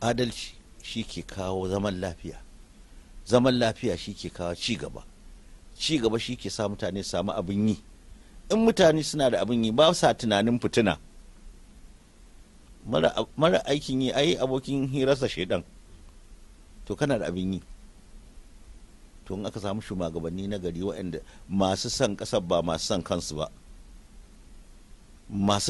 adalci shi ke kawo zaman lafiya zaman lafiya shi ke kawo cigaba cigaba shi ke sa mutane samu abin yi in mutane suna da abin yi ba sa tunanin fitina mara aikin yi ayi abokin hirarsa shaidan to kana da abin yi to in aka samu shugabanni na gari waɗanda masu son ƙasar ba masu son kansu ba masu